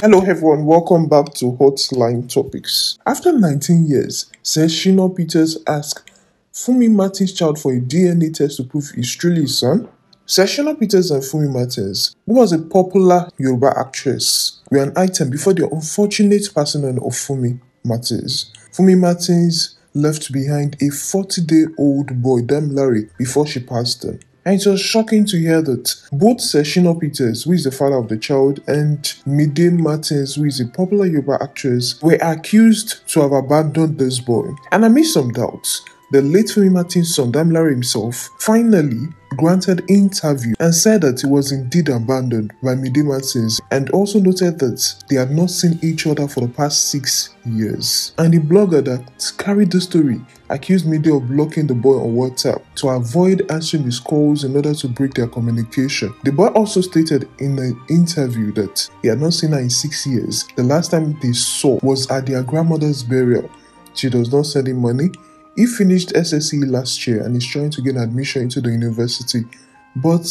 Hello, everyone. Welcome back to Hotline Topics. After 19 years, says Shino Peters asked Fumi Martin's child for a DNA test to prove he's truly his son. Sashina Peters and Fumi Martins, who was a popular Yoruba actress, were an item before the unfortunate passing on of Fumi Martins. Fumi Martins left behind a 40 day old boy, Dem Larry, before she passed on. And it was shocking to hear that both Seshino Peters, who is the father of the child, and Midin Martins, who is a popular Yoruba actress, were accused to have abandoned this boy. And I amid some doubts, the late Femi Martinson Damilare himself finally granted interview and said that he was indeed abandoned by Midi Martins and also noted that they had not seen each other for the past six years. And the blogger that carried the story accused Midi of blocking the boy on WhatsApp to avoid answering his calls in order to break their communication. The boy also stated in an interview that he had not seen her in six years. The last time they saw was at their grandmother's burial. She does not send him money he finished SSE last year and is trying to gain admission into the university, but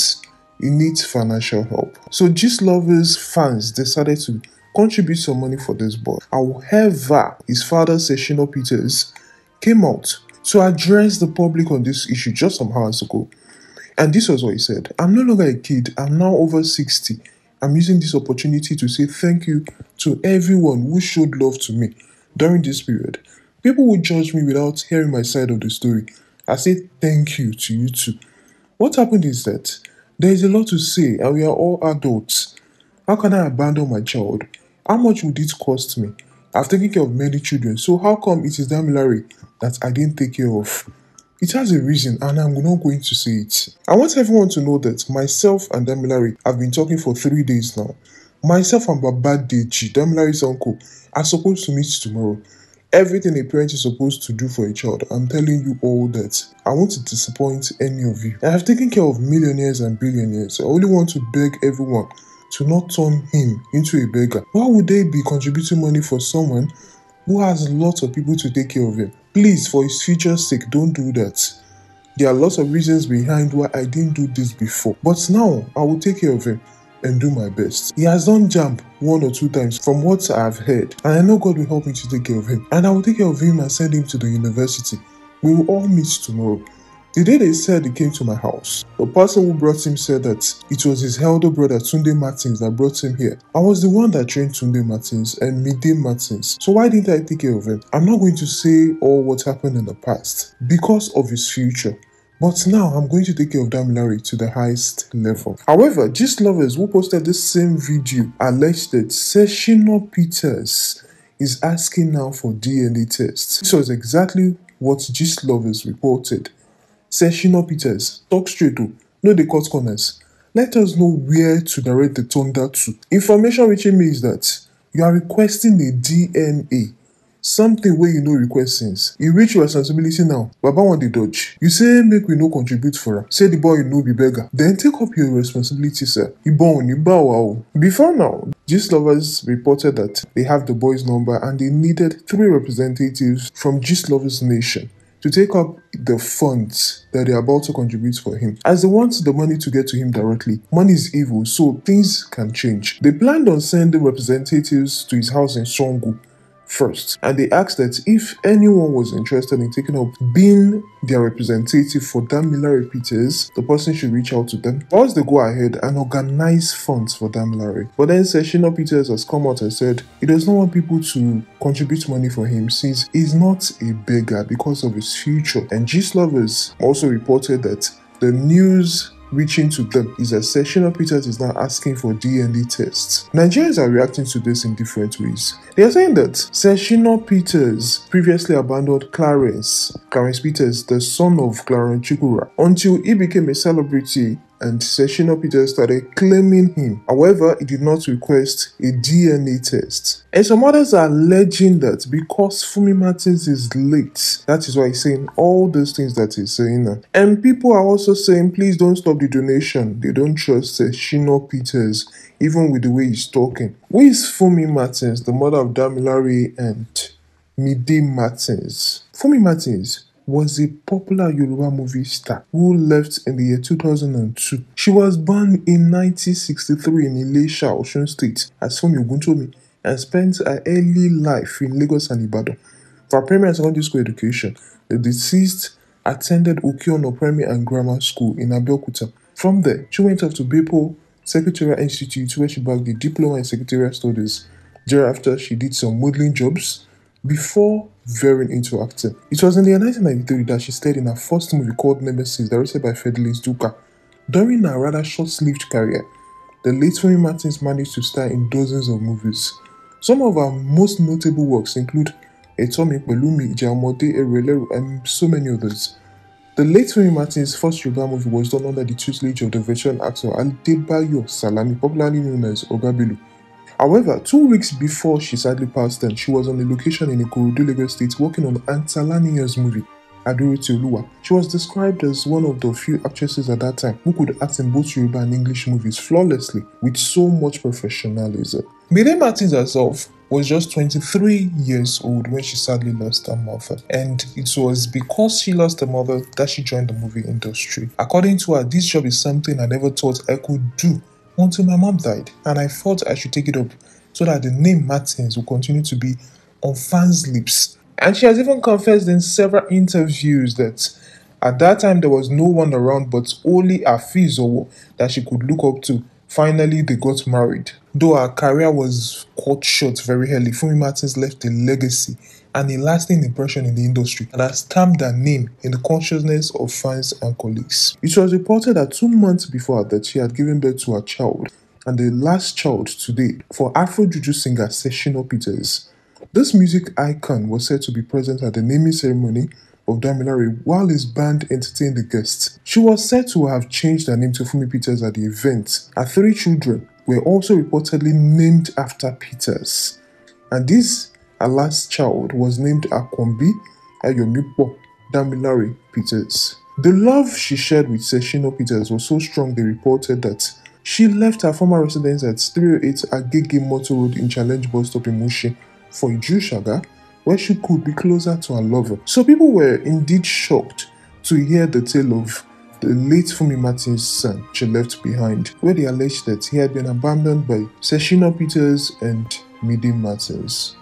he needs financial help. So Gist Lovers fans decided to contribute some money for this boy. However, his father, Seshino Peters, came out to address the public on this issue just some hours ago. And this was what he said I'm no longer a kid, I'm now over 60. I'm using this opportunity to say thank you to everyone who showed love to me during this period. People would judge me without hearing my side of the story. I say thank you to you too. What happened is that there is a lot to say, and we are all adults. How can I abandon my child? How much would it cost me? I've taken care of many children, so how come it is that Larry that I didn't take care of? It has a reason, and I'm not going to say it. I want everyone to know that myself and Damilari have been talking for three days now. Myself and Baba Deji, Damilari's uncle, are supposed to meet tomorrow everything a parent is supposed to do for a child. I'm telling you all that. I want to disappoint any of you. I have taken care of millionaires and billionaires. I only want to beg everyone to not turn him into a beggar. Why would they be contributing money for someone who has lots of people to take care of him? Please, for his future's sake, don't do that. There are lots of reasons behind why I didn't do this before, but now I will take care of him and do my best. He has done jump one or two times from what I've heard, and I know God will help me to take care of him. And I will take care of him and send him to the university. We will all meet tomorrow. The day they said he came to my house, the person who brought him said that it was his elder brother Tunde Martins that brought him here. I was the one that trained Tunde Martins and Midday Martins, so why didn't I take care of him? I'm not going to say all what happened in the past because of his future. But now I'm going to take care of Damilare to the highest level. However, just lovers who posted this same video alleged that Sessional Peters is asking now for DNA tests. This was exactly what Gist Lovers reported. Sessional Peters, talk straight to, oh. no the court corners. Let us know where to direct the thunder to. Information reaching me is that you are requesting a DNA something wey you no request since e reach your responsibility now baba wan dey dodge you say make we no contribute for am say the boy no be beggar then take up your responsibility sir You born, ní bà wá o. before now Gist Lovers reported that they have the boy's number and they needed three representatives from Gist Lovers Nation to take up the funds that they're about to contribute for him, as they want the money to get to him directly. Money is evil, so things can change. They planned on sending representatives to his house in Songu first and they asked that if anyone was interested in taking up being their representative for Damila repeaters, the person should reach out to them. Once they go ahead and organize funds for Damilare. But then Seshina Peters has come out and said he does not want people to contribute money for him since he's not a beggar because of his future. And Gist Lovers also reported that the news reaching to them is that Session Peters is now asking for D tests. Nigerians are reacting to this in different ways. They are saying that Session Peters previously abandoned Clarence, Clarence Peters, the son of Clarence Chikura, until he became a celebrity and Shino Peters started claiming him. However, he did not request a DNA test. And some others are alleging that because Fumi Martins is late, that is why he's saying all those things that he's saying. And people are also saying, please don't stop the donation. They don't trust Shino Peters, even with the way he's talking. Where is Fumi Martins, the mother of Damilari and Midi Martins? Fumi Martins, was a popular Yoruba movie star who left in the year 2002. She was born in 1963 in Ilesha, Oshun State, as Femi Oguntomi, and spent her early life in Lagos and Ibadan. For primary and secondary school education, the deceased attended Okiono Primary and Grammar School in Abeokuta. From there, she went off to Bepo Secretarial Institute where she bagged a diploma in secretarial studies. Thereafter, she did some modeling jobs before very into acting. It was in the year 1993 that she stayed in her first movie called Nemesis, directed by Fedeliz Duca. During her rather short-lived career, the late Tony Martins managed to star in dozens of movies. Some of her most notable works include Etomi Belumi, Jamode Erelero, and so many others. The late Tony Martin's first Yoruba movie was done under the tutelage of the veteran actor Aldebayo Salami, popularly known as Ogabilu. However, two weeks before she sadly passed on, she was on a location in Ikorodu, Lagos State working on Antalaniya's movie, Adoriti Oluwa. She was described as one of the few actresses at that time who could act in both Yoruba and English movies flawlessly with so much professionalism. Miriam Martins herself was just 23 years old when she sadly lost her mother, and it was because she lost her mother that she joined the movie industry. According to her, this job is something I never thought I could do until my mom died, and I thought I should take it up so that the name Martins will continue to be on fans' lips. And she has even confessed in several interviews that at that time there was no one around but only Afizowo that she could look up to. Finally, they got married. Though her career was cut short very early, Fumi Martins left a legacy and a lasting impression in the industry and has stamped her name in the consciousness of fans and colleagues. It was reported that two months before that she had given birth to a child and the last child today for Afro Juju singer Sessional Peters. This music icon was said to be present at the naming ceremony of Damilare while his band entertained the guests. She was said to have changed her name to Fumi Peters at the event. Her three children were also reportedly named after Peters. And this. Her last child was named Akombi Ayomipo Damilare Peters. The love she shared with Seshino Peters was so strong they reported that she left her former residence at 308 Agege Motor Road in Challenge Bus Stop in Mushi for Ijusaga, where she could be closer to her lover. So people were indeed shocked to hear the tale of the late Fumi Martin's son she left behind, where they alleged that he had been abandoned by Seshino Peters and Midi Martins.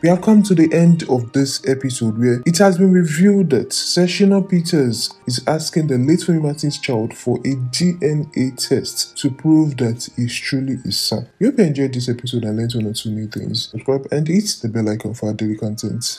We have come to the end of this episode where it has been revealed that Sessional Peters is asking the late Femi Martin's child for a DNA test to prove that he's truly his son. We hope you enjoyed this episode and learned one or two new things. Subscribe and hit the bell icon for daily content.